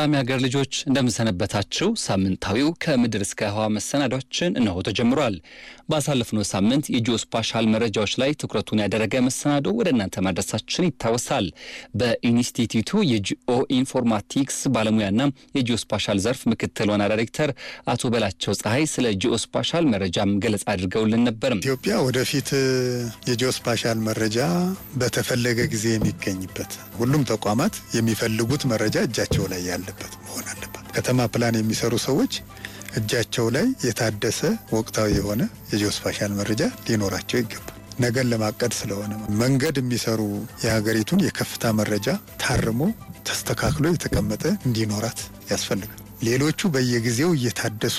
ሰላም የሀገር ልጆች እንደምንሰነበታችሁ። ሳምንታዊው ከምድር እስከ ህዋ መሰናዷችን እነሆ ተጀምሯል። ባሳለፍነው ሳምንት የጂኦስፓሻል መረጃዎች ላይ ትኩረቱን ያደረገ መሰናዶ ወደ እናንተ ማድረሳችን ይታወሳል። በኢንስቲትዩቱ የጂኦ ኢንፎርማቲክስ ባለሙያና የጂኦስፓሻል ዘርፍ ምክትል ዋና ዳይሬክተር አቶ በላቸው ፀሐይ ስለ ጂኦስፓሻል መረጃም ገለጻ አድርገውልን ነበርም ኢትዮጵያ ወደፊት የጂኦስፓሻል መረጃ በተፈለገ ጊዜ የሚገኝበት ሁሉም ተቋማት የሚፈልጉት መረጃ እጃቸው ላይ ያለ አለበት መሆን አለበት። ከተማ ፕላን የሚሰሩ ሰዎች እጃቸው ላይ የታደሰ ወቅታዊ የሆነ የጂኦስፓሻል መረጃ ሊኖራቸው ይገባል። ነገን ለማቀድ ስለሆነ መንገድ የሚሰሩ የሀገሪቱን የከፍታ መረጃ ታርሞ ተስተካክሎ የተቀመጠ እንዲኖራት ያስፈልጋል። ሌሎቹ በየጊዜው እየታደሱ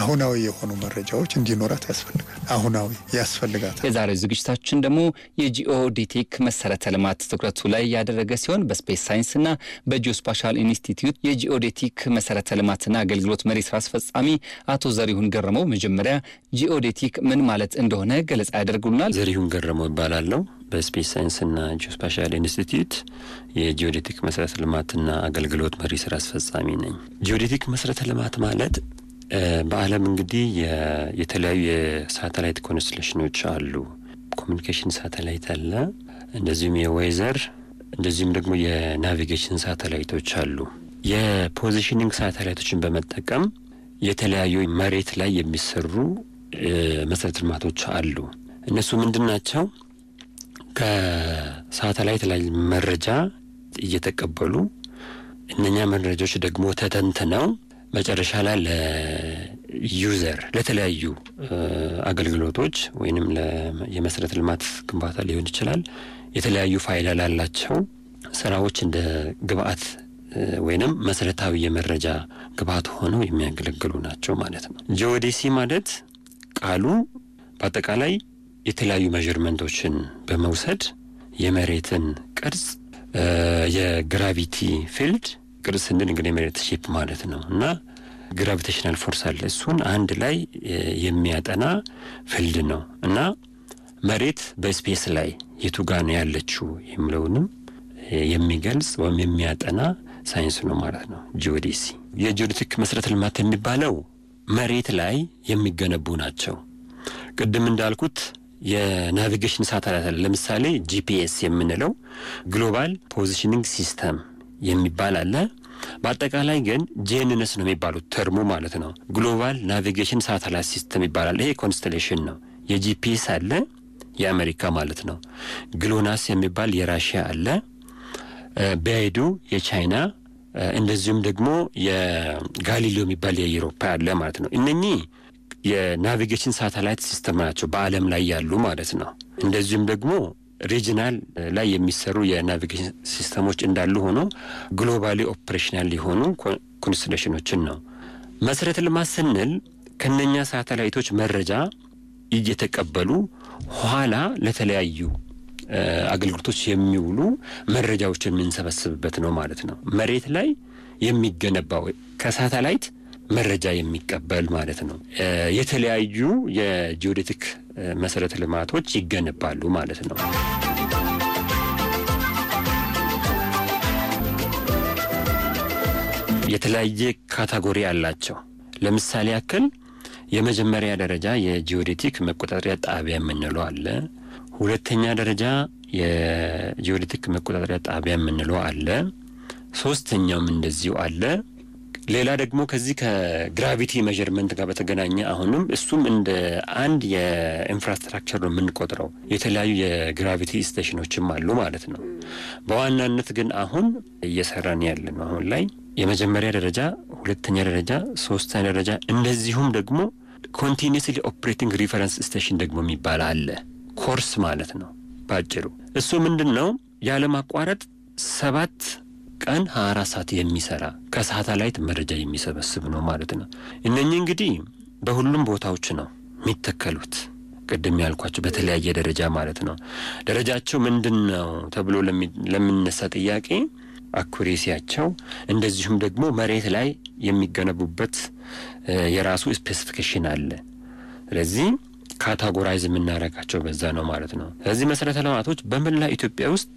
አሁናዊ የሆኑ መረጃዎች እንዲኖራት ያስፈልጋል። አሁናዊ ያስፈልጋታል። የዛሬው ዝግጅታችን ደግሞ ዲቴክ መሰረተ ልማት ትኩረቱ ላይ ያደረገ ሲሆን በስፔስ ሳይንስና በጂኦስፓሻል ኢንስቲትዩት ዲቴክ መሰረተ ልማትና አገልግሎት መሪ ስራ አስፈጻሚ አቶ ዘሪሁን ገረመው መጀመሪያ ጂኦዴቲክ ምን ማለት እንደሆነ ገለጻ ያደርጉልናል። ዘሪሁን ገረመው ይባላል ነው በስፔስ ሳይንስና ጂኦስፓሻል ኢንስቲትዩት የጂኦዴቲክ መሰረተ ልማትና አገልግሎት መሪ ስራ አስፈጻሚ ነኝ። ጂኦዴቲክ መሰረተ ልማት ማለት በዓለም እንግዲህ የተለያዩ የሳተላይት ኮንስሌሽኖች አሉ። ኮሚኒኬሽን ሳተላይት አለ፣ እንደዚሁም የወይዘር እንደዚሁም ደግሞ የናቪጌሽን ሳተላይቶች አሉ። የፖዚሽኒንግ ሳተላይቶችን በመጠቀም የተለያዩ መሬት ላይ የሚሰሩ መሰረተ ልማቶች አሉ። እነሱ ምንድን ናቸው? ከሳተላይት ላይ መረጃ እየተቀበሉ እነኛ መረጃዎች ደግሞ ተተንትነው መጨረሻ ላይ ለዩዘር ለተለያዩ አገልግሎቶች ወይንም የመሰረተ ልማት ግንባታ ሊሆን ይችላል የተለያዩ ፋይል ላላቸው ስራዎች እንደ ግብአት ወይንም መሰረታዊ የመረጃ ግብአት ሆነው የሚያገለግሉ ናቸው ማለት ነው። ጂኦዴሲ ማለት ቃሉ በአጠቃላይ የተለያዩ ሜዥርመንቶችን በመውሰድ የመሬትን ቅርጽ የግራቪቲ ፊልድ ቅርጽ ስንል እንግዲህ የመሬት ሼፕ ማለት ነው እና ግራቪቴሽናል ፎርስ አለ። እሱን አንድ ላይ የሚያጠና ፊልድ ነው እና መሬት በስፔስ ላይ የቱ ጋ ነው ያለችው የሚለውንም የሚገልጽ ወይም የሚያጠና ሳይንስ ነው ማለት ነው። ጂኦዴሲ የጂኦዴቲክ መሰረተ ልማት የሚባለው መሬት ላይ የሚገነቡ ናቸው። ቅድም እንዳልኩት የናቪጌሽን ሳተላይት አለ። ለምሳሌ ጂፒኤስ የምንለው ግሎባል ፖዚሽኒንግ ሲስተም የሚባል አለ። በአጠቃላይ ግን ጄንነስ ነው የሚባሉት ተርሙ ማለት ነው። ግሎባል ናቪጌሽን ሳተላይት ሲስተም ይባላል። ይሄ ኮንስቴሌሽን ነው። የጂፒኤስ አለ፣ የአሜሪካ ማለት ነው። ግሎናስ የሚባል የራሽያ አለ። በይዱ የቻይና እንደዚሁም ደግሞ የጋሊሎ የሚባል የአውሮፓ አለ ማለት ነው። እነኚህ የናቪጌሽን ሳተላይት ሲስተም ናቸው በአለም ላይ ያሉ ማለት ነው። እንደዚሁም ደግሞ ሪጅናል ላይ የሚሰሩ የናቪጌሽን ሲስተሞች እንዳሉ ሆኖ ግሎባሊ ኦፕሬሽናል የሆኑ ኮንስሌሽኖችን ነው። መሰረተ ልማት ስንል ከነኛ ሳተላይቶች መረጃ እየተቀበሉ ኋላ ለተለያዩ አገልግሎቶች የሚውሉ መረጃዎችን የምንሰበስብበት ነው ማለት ነው። መሬት ላይ የሚገነባው ከሳተላይት መረጃ የሚቀበል ማለት ነው። የተለያዩ የጂኦዴቲክ መሰረተ ልማቶች ይገነባሉ ማለት ነው። የተለያየ ካታጎሪ አላቸው። ለምሳሌ ያክል የመጀመሪያ ደረጃ የጂኦዴቲክ መቆጣጠሪያ ጣቢያ የምንለው አለ። ሁለተኛ ደረጃ የጂኦዴቲክ መቆጣጠሪያ ጣቢያ የምንለው አለ። ሶስተኛውም እንደዚሁ አለ። ሌላ ደግሞ ከዚህ ከግራቪቲ መጀርመንት ጋር በተገናኘ አሁንም እሱም እንደ አንድ የኢንፍራስትራክቸር ነው የምንቆጥረው። የተለያዩ የግራቪቲ ስቴሽኖችም አሉ ማለት ነው። በዋናነት ግን አሁን እየሰራን ያለ ነው አሁን ላይ የመጀመሪያ ደረጃ፣ ሁለተኛ ደረጃ፣ ሶስተኛ ደረጃ እንደዚሁም ደግሞ ኮንቲኒስሊ ኦፕሬቲንግ ሪፈረንስ ስቴሽን ደግሞ የሚባል አለ። ኮርስ ማለት ነው በአጭሩ እሱ ምንድን ነው ያለማቋረጥ ሰባት ቀን 24 ሰዓት የሚሰራ ከሳተላይት መረጃ የሚሰበስብ ነው ማለት ነው። እነኚህ እንግዲህ በሁሉም ቦታዎች ነው የሚተከሉት። ቅድም ያልኳቸው በተለያየ ደረጃ ማለት ነው። ደረጃቸው ምንድን ነው ተብሎ ለምነሳ ጥያቄ አኩሬሲያቸው፣ እንደዚሁም ደግሞ መሬት ላይ የሚገነቡበት የራሱ ስፔሲፊኬሽን አለ። ስለዚህ ካታጎራይዝ የምናደርጋቸው በዛ ነው ማለት ነው። ስለዚህ መሰረተ ልማቶች በመላ ኢትዮጵያ ውስጥ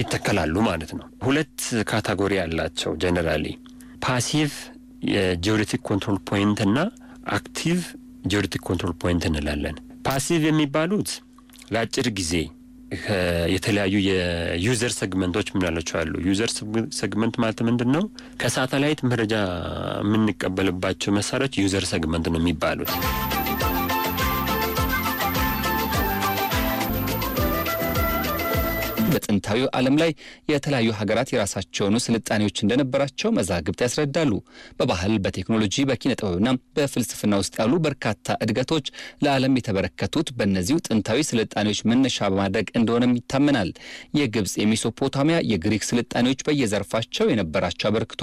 ይተከላሉ ማለት ነው። ሁለት ካታጎሪ ያላቸው ጀነራሊ ፓሲቭ የጂኦዴቲክ ኮንትሮል ፖይንት እና አክቲቭ ጂኦዴቲክ ኮንትሮል ፖይንት እንላለን። ፓሲቭ የሚባሉት ለአጭር ጊዜ የተለያዩ የዩዘር ሰግመንቶች ምናላቸው አሉ። ዩዘር ሰግመንት ማለት ምንድን ነው? ከሳተላይት መረጃ የምንቀበልባቸው መሳሪያዎች ዩዘር ሰግመንት ነው የሚባሉት። በጥንታዊ ዓለም ላይ የተለያዩ ሀገራት የራሳቸውኑ ስልጣኔዎች እንደነበራቸው መዛግብት ያስረዳሉ። በባህል፣ በቴክኖሎጂ፣ በኪነ ጥበብና በፍልስፍና ውስጥ ያሉ በርካታ እድገቶች ለዓለም የተበረከቱት በእነዚሁ ጥንታዊ ስልጣኔዎች መነሻ በማድረግ እንደሆነም ይታመናል። የግብፅ የሚሶፖታሚያ፣ የግሪክ ስልጣኔዎች በየዘርፋቸው የነበራቸው አበርክቶ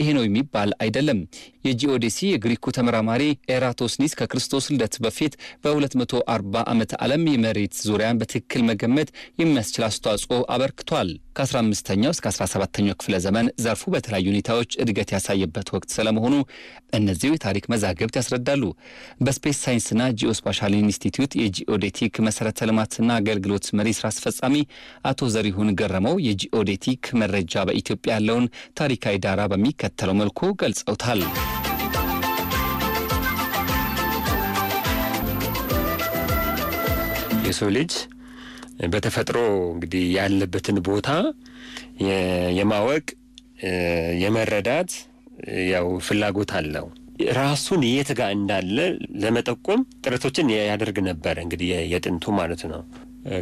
ይሄ ነው የሚባል አይደለም። የጂኦዴሲ የግሪኩ ተመራማሪ ኤራቶስኒስ ከክርስቶስ ልደት በፊት በ240 ዓመት ዓለም የመሬት ዙሪያን በትክክል መገመት የሚያስችል አስተዋጽኦ አስተዋጽኦ አበርክቷል። ከ15ኛው እስከ 17ኛው ክፍለ ዘመን ዘርፉ በተለያዩ ሁኔታዎች እድገት ያሳየበት ወቅት ስለመሆኑ እነዚሁ የታሪክ መዛግብት ያስረዳሉ። በስፔስ ሳይንስና ጂኦስፓሻል ኢንስቲትዩት የጂኦዴቲክ መሰረተ ልማትና አገልግሎት መሪ ስራ አስፈጻሚ አቶ ዘሪሁን ገረመው የጂኦዴቲክ መረጃ በኢትዮጵያ ያለውን ታሪካዊ ዳራ በሚከተለው መልኩ ገልጸውታል። የሰው ልጅ በተፈጥሮ እንግዲህ ያለበትን ቦታ የማወቅ የመረዳት ያው ፍላጎት አለው። ራሱን የት ጋር እንዳለ ለመጠቆም ጥረቶችን ያደርግ ነበር እንግዲህ የጥንቱ ማለት ነው።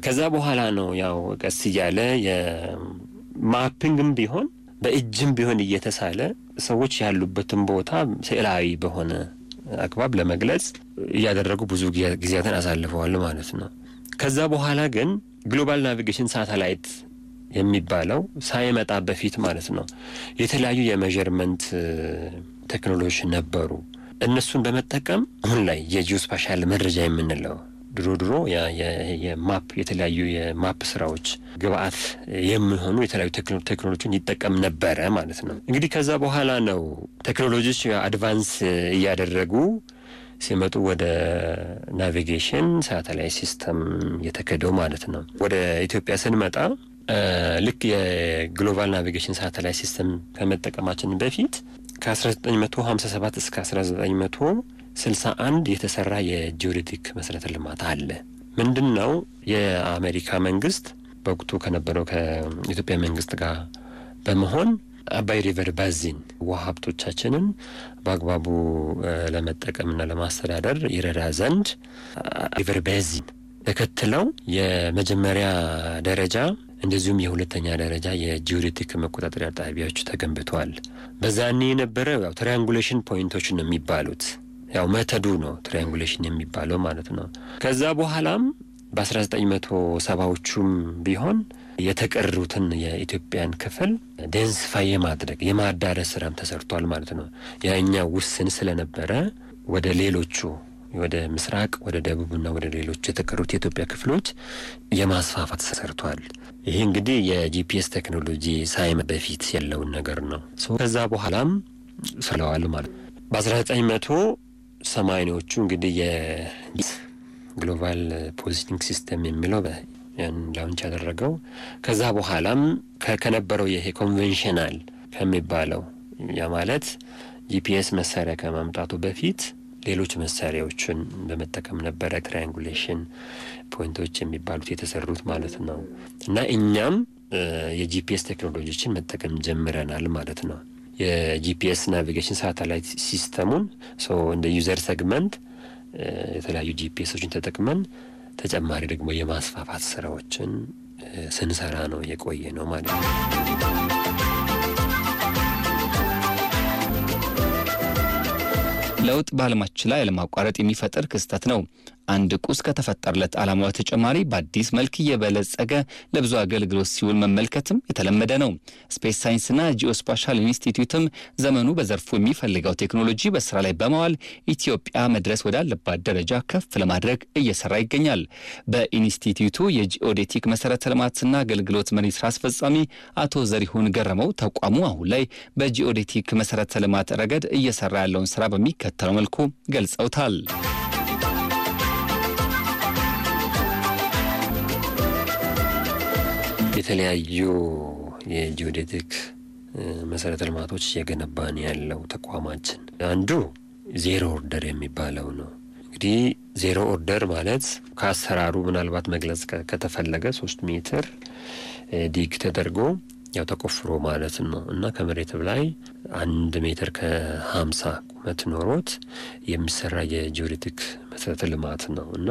ከዛ በኋላ ነው ያው ቀስ እያለ የማፒንግም ቢሆን በእጅም ቢሆን እየተሳለ ሰዎች ያሉበትን ቦታ ስዕላዊ በሆነ አግባብ ለመግለጽ እያደረጉ ብዙ ጊዜያትን አሳልፈዋል ማለት ነው። ከዛ በኋላ ግን ግሎባል ናቪጌሽን ሳተላይት የሚባለው ሳይመጣ በፊት ማለት ነው የተለያዩ የመርመንት ቴክኖሎጂ ነበሩ። እነሱን በመጠቀም አሁን ላይ የጂኦስፓሻል መረጃ የምንለው ድሮ ድሮ የማፕ የተለያዩ የማፕ ስራዎች ግብአት የሚሆኑ የተለያዩ ቴክኖሎጂን ይጠቀም ነበረ ማለት ነው። እንግዲህ ከዛ በኋላ ነው ቴክኖሎጂዎች አድቫንስ እያደረጉ ሲመጡ ወደ ናቪጌሽን ሳተላይት ሲስተም የተከደው ማለት ነው። ወደ ኢትዮጵያ ስንመጣ ልክ የግሎባል ናቪጌሽን ሳተላይት ሲስተም ከመጠቀማችን በፊት ከ1957 እስከ 19 ስልሳ አንድ የተሰራ የጂኦዴቲክ መሰረተ ልማት አለ። ምንድን ነው የአሜሪካ መንግስት በወቅቱ ከነበረው ከኢትዮጵያ መንግስት ጋር በመሆን አባይ ሪቨር ባዚን ውሃ ሀብቶቻችንን በአግባቡ ለመጠቀምና ለማስተዳደር ይረዳ ዘንድ ሪቨር ባዚን ተከትለው የመጀመሪያ ደረጃ እንደዚሁም የሁለተኛ ደረጃ የጂኦዴቲክ መቆጣጠሪያ ጣቢያዎች ተገንብተዋል። በዛኔ የነበረ ያው ትሪያንጉሌሽን ፖይንቶች ነው የሚባሉት ያው መተዱ ነው ትሪያንጉሌሽን የሚባለው ማለት ነው። ከዛ በኋላም በ1970ዎቹም ቢሆን የተቀሩትን የኢትዮጵያን ክፍል ደንስፋ የማድረግ የማዳረስ ስራም ተሰርቷል ማለት ነው። ያኛ ውስን ስለነበረ ወደ ሌሎቹ ወደ ምስራቅ፣ ወደ ደቡብና ወደ ሌሎች የተቀሩት የኢትዮጵያ ክፍሎች የማስፋፋት ተሰርቷል። ይህ እንግዲህ የጂፒኤስ ቴክኖሎጂ ሳይመ በፊት ያለውን ነገር ነው። ከዛ በኋላም ስለዋል ማለት በ1900 ሰማኒዎቹ እንግዲህ የግሎባል ፖዚቲንግ ሲስተም የሚለው ያን ላውንች ያደረገው ከዛ በኋላም ከነበረው ይሄ ኮንቬንሽናል ከሚባለው ያ ማለት ጂፒኤስ መሳሪያ ከማምጣቱ በፊት ሌሎች መሳሪያዎችን በመጠቀም ነበረ ትራያንጉሌሽን ፖይንቶች የሚባሉት የተሰሩት ማለት ነው። እና እኛም የጂፒኤስ ቴክኖሎጂዎችን መጠቀም ጀምረናል ማለት ነው። የጂፒኤስ ናቪጌሽን ሳተላይት ሲስተሙን እንደ ዩዘር ሰግመንት የተለያዩ ጂፒኤሶችን ተጠቅመን ተጨማሪ ደግሞ የማስፋፋት ስራዎችን ስንሰራ ነው የቆየ ነው ማለት ነው። ለውጥ በዓለማችን ላይ አለማቋረጥ የሚፈጠር ክስተት ነው። አንድ ቁስ ከተፈጠረለት ዓላማ በተጨማሪ በአዲስ መልክ እየበለጸገ ለብዙ አገልግሎት ሲውል መመልከትም የተለመደ ነው። ስፔስ ሳይንስና ጂኦስፓሻል ኢንስቲትዩትም ዘመኑ በዘርፉ የሚፈልገው ቴክኖሎጂ በስራ ላይ በማዋል ኢትዮጵያ መድረስ ወዳለባት ደረጃ ከፍ ለማድረግ እየሰራ ይገኛል። በኢንስቲትዩቱ የጂኦዴቲክ መሰረተ ልማትና አገልግሎት መሪ ስራ አስፈጻሚ አቶ ዘሪሁን ገረመው ተቋሙ አሁን ላይ በጂኦዴቲክ መሰረተ ልማት ረገድ እየሰራ ያለውን ስራ በሚከተለው መልኩ ገልጸውታል። የተለያዩ የጂኦዴቲክ መሰረተ ልማቶች እየገነባን ያለው ተቋማችን አንዱ ዜሮ ኦርደር የሚባለው ነው። እንግዲህ ዜሮ ኦርደር ማለት ከአሰራሩ ምናልባት መግለጽ ከተፈለገ ሶስት ሜትር ዲግ ተደርጎ ያው ተቆፍሮ ማለት ነው እና ከመሬት በላይ አንድ ሜትር ከሀምሳ ቁመት ኖሮት የሚሰራ የጂኦዴቲክ መሰረተ ልማት ነው እና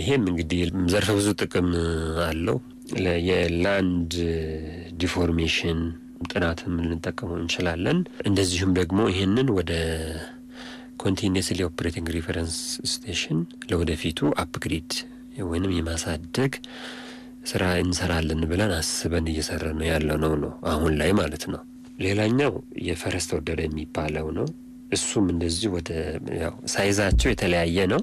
ይሄም እንግዲህ ዘርፈ ብዙ ጥቅም አለው። የላንድ ዲፎርሜሽን ጥናትም ልንጠቀመው እንችላለን። እንደዚሁም ደግሞ ይህንን ወደ ኮንቲኒስሊ ኦፕሬቲንግ ሪፈረንስ ስቴሽን ለወደፊቱ አፕግሬድ ወይንም የማሳደግ ስራ እንሰራለን ብለን አስበን እየሰራ ነው ያለው ነው ነው አሁን ላይ ማለት ነው። ሌላኛው የፈረስ ተወደደ የሚባለው ነው። እሱም እንደዚህ ወደ ሳይዛቸው የተለያየ ነው።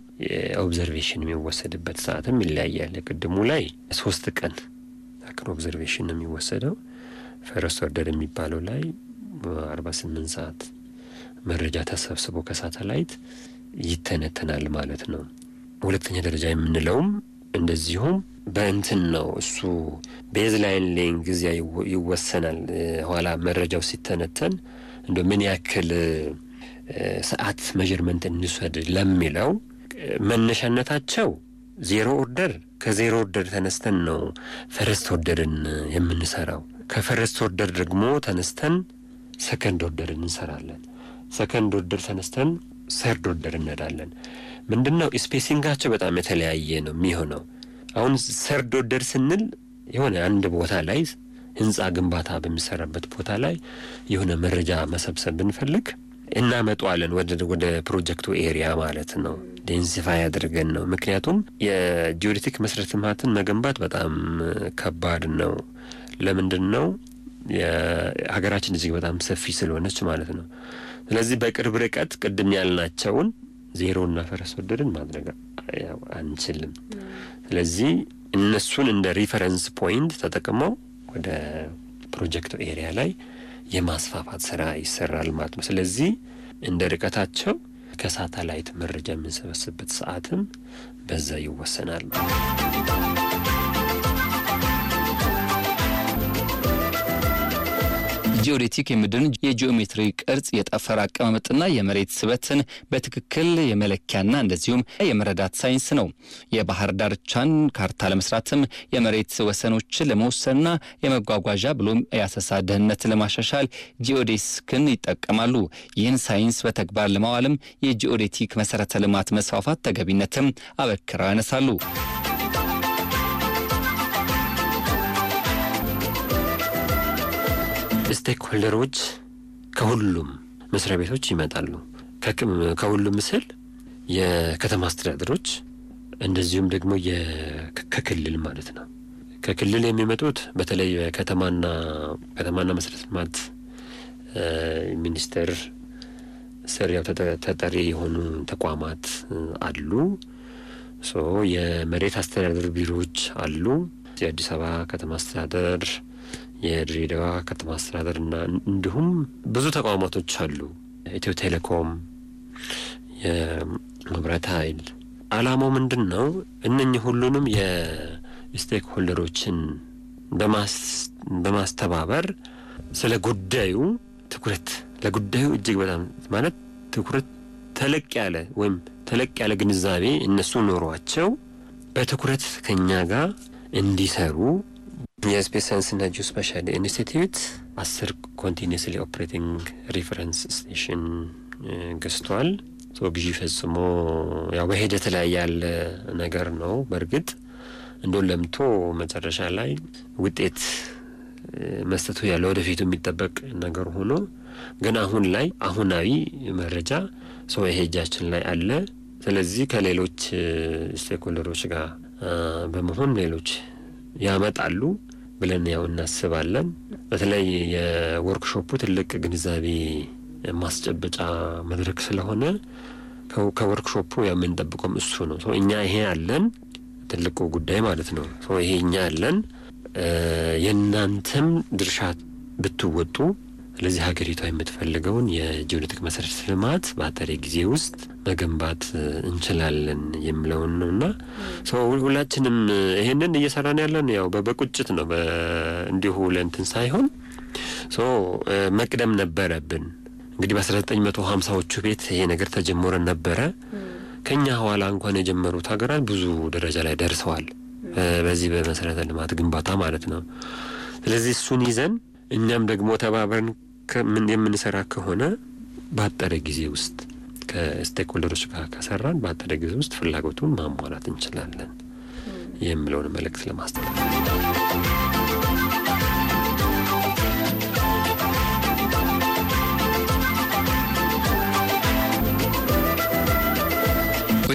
ኦብዘርቬሽን የሚወሰድበት ሰዓትም ይለያያል። ቅድሙ ላይ ሶስት ቀን በአጭር ኦብዘርቬሽን ነው የሚወሰደው። ፈረስት ኦርደር የሚባለው ላይ 48 ሰዓት መረጃ ተሰብስቦ ከሳተላይት ይተነተናል ማለት ነው። ሁለተኛ ደረጃ የምንለውም እንደዚሁም በእንትን ነው እሱ ቤዝላይን ላይን ሌንግዝ ይወሰናል። ኋላ መረጃው ሲተነተን እንደ ምን ያክል ሰዓት መጀርመንት እንውሰድ ለሚለው መነሻነታቸው ዜሮ ኦርደር ከዜሮ ወርደር ተነስተን ነው ፈረስት ወርደርን የምንሰራው። ከፈረስት ወርደር ደግሞ ተነስተን ሰከንድ ወርደርን እንሰራለን። ሰከንድ ወርደር ተነስተን ሰርድ ወርደር እንሄዳለን። ምንድን ነው ስፔሲንጋቸው በጣም የተለያየ ነው የሚሆነው። አሁን ሰርድ ወርደር ስንል የሆነ አንድ ቦታ ላይ ህንፃ ግንባታ በሚሰራበት ቦታ ላይ የሆነ መረጃ መሰብሰብ ብንፈልግ እናመጣዋለን ወደ ፕሮጀክቱ ኤሪያ ማለት ነው። ዴንሲፋ ያደርገን ነው። ምክንያቱም የጂኦዴቲክ መሰረተ ልማትን መገንባት በጣም ከባድ ነው። ለምንድን ነው? ሀገራችን እጅግ በጣም ሰፊ ስለሆነች ማለት ነው። ስለዚህ በቅርብ ርቀት ቅድም ያልናቸውን ዜሮና ፈረስ ወደድን ማድረግ አንችልም። ስለዚህ እነሱን እንደ ሪፈረንስ ፖይንት ተጠቅመው ወደ ፕሮጀክቱ ኤሪያ ላይ የማስፋፋት ስራ ይሰራል ማለት ነው። ስለዚህ እንደ ርቀታቸው ከሳተላይት መረጃ የምንሰበስብበት ሰዓትም በዛ ይወሰናል። ጂኦዴቲክ የምድርን የጂኦሜትሪ ቅርጽ የጠፈር አቀማመጥና የመሬት ስበትን በትክክል የመለኪያና እንደዚሁም የመረዳት ሳይንስ ነው። የባህር ዳርቻን ካርታ ለመስራትም የመሬት ወሰኖችን ለመወሰንና የመጓጓዣ ብሎም የአሰሳ ደህንነት ለማሻሻል ጂኦዴስክን ይጠቀማሉ። ይህን ሳይንስ በተግባር ለማዋልም የጂኦዴቲክ መሰረተ ልማት መስፋፋት ተገቢነትም አበክረው ያነሳሉ። ስቴክሆልደሮች ከሁሉም መስሪያ ቤቶች ይመጣሉ። ከሁሉም ምስል የከተማ አስተዳደሮች እንደዚሁም ደግሞ ከክልል ማለት ነው። ከክልል የሚመጡት በተለይ ከተማና ከተማና መሰረተ ልማት ሚኒስቴር ስር ያው ተጠሪ የሆኑ ተቋማት አሉ። የመሬት አስተዳደር ቢሮዎች አሉ። የአዲስ አበባ ከተማ አስተዳደር የድሬዳዋ ከተማ አስተዳደርና እንዲሁም ብዙ ተቋማቶች አሉ። ኢትዮ ቴሌኮም፣ የመብራት ኃይል። አላማው ምንድን ነው? እነኚህ ሁሉንም የስቴክ ሆልደሮችን በማስተባበር ስለ ጉዳዩ ትኩረት ለጉዳዩ እጅግ በጣም ማለት ትኩረት ተለቅ ያለ ወይም ተለቅ ያለ ግንዛቤ እነሱ ኖሯቸው በትኩረት ከኛ ጋር እንዲሰሩ የስፔስ ሳይንስና ጂኦ ስፓሻል ኢንስቲትዩት አስር ኮንቲኒስሊ ኦፕሬቲንግ ሪፈረንስ ስቴሽን ገዝቷል። ግዢ ፈጽሞ ያው በሂደት ላይ ያለ ነገር ነው። በእርግጥ እንደን ለምቶ መጨረሻ ላይ ውጤት መስጠቱ ያለ ወደፊቱ የሚጠበቅ ነገር ሆኖ ግን አሁን ላይ አሁናዊ መረጃ ሰው የሄጃችን ላይ አለ። ስለዚህ ከሌሎች ስቴክሆልደሮች ጋር በመሆን ሌሎች ያመጣሉ ብለን ያው እናስባለን። በተለይ የወርክሾፑ ትልቅ ግንዛቤ ማስጨበጫ መድረክ ስለሆነ ከወርክሾፑ የምንጠብቀውም እሱ ነው። እኛ ይሄ ያለን ትልቁ ጉዳይ ማለት ነው። ይሄ እኛ ያለን የእናንተም ድርሻ ብትወጡ ስለዚህ ሀገሪቷ የምትፈልገውን የጂኦኔቲክ መሰረተ ልማት በአጠሬ ጊዜ ውስጥ መገንባት እንችላለን የሚለውን ነው እና ሁላችንም ይሄንን እየሰራን ያለን ያው በቁጭት ነው እንዲሁ ለእንትን ሳይሆን መቅደም ነበረብን። እንግዲህ በአስራ ዘጠኝ መቶ ሀምሳዎቹ ቤት ይሄ ነገር ተጀምሮ ነበረ። ከኛ ኋላ እንኳን የጀመሩት ሀገራት ብዙ ደረጃ ላይ ደርሰዋል፣ በዚህ በመሰረተ ልማት ግንባታ ማለት ነው። ስለዚህ እሱን ይዘን እኛም ደግሞ ተባብረን የምንሰራ ከሆነ ባጠረ ጊዜ ውስጥ ከስቴክሆልደሮች ጋር ከሰራን ባጠረ ጊዜ ውስጥ ፍላጎቱን ማሟላት እንችላለን የሚለውን መልእክት ለማስተላለፍ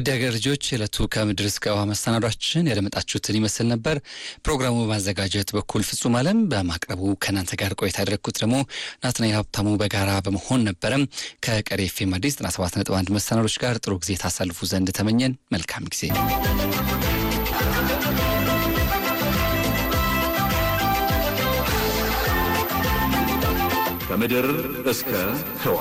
ውድ ሀገር ልጆች ዕለቱ ከምድር እስከ ህዋ መሰናዷችን ያደመጣችሁትን ይመስል ነበር። ፕሮግራሙ በማዘጋጀት በኩል ፍጹም አለም፣ በማቅረቡ ከእናንተ ጋር ቆይታ ያደረግኩት ደግሞ ናትና ሀብታሙ በጋራ በመሆን ነበረም። ከቀሪ ኤፍ ኤም አዲስ 97.1 መሰናዶች ጋር ጥሩ ጊዜ ታሳልፉ ዘንድ ተመኘን። መልካም ጊዜ ከምድር እስከ ህዋ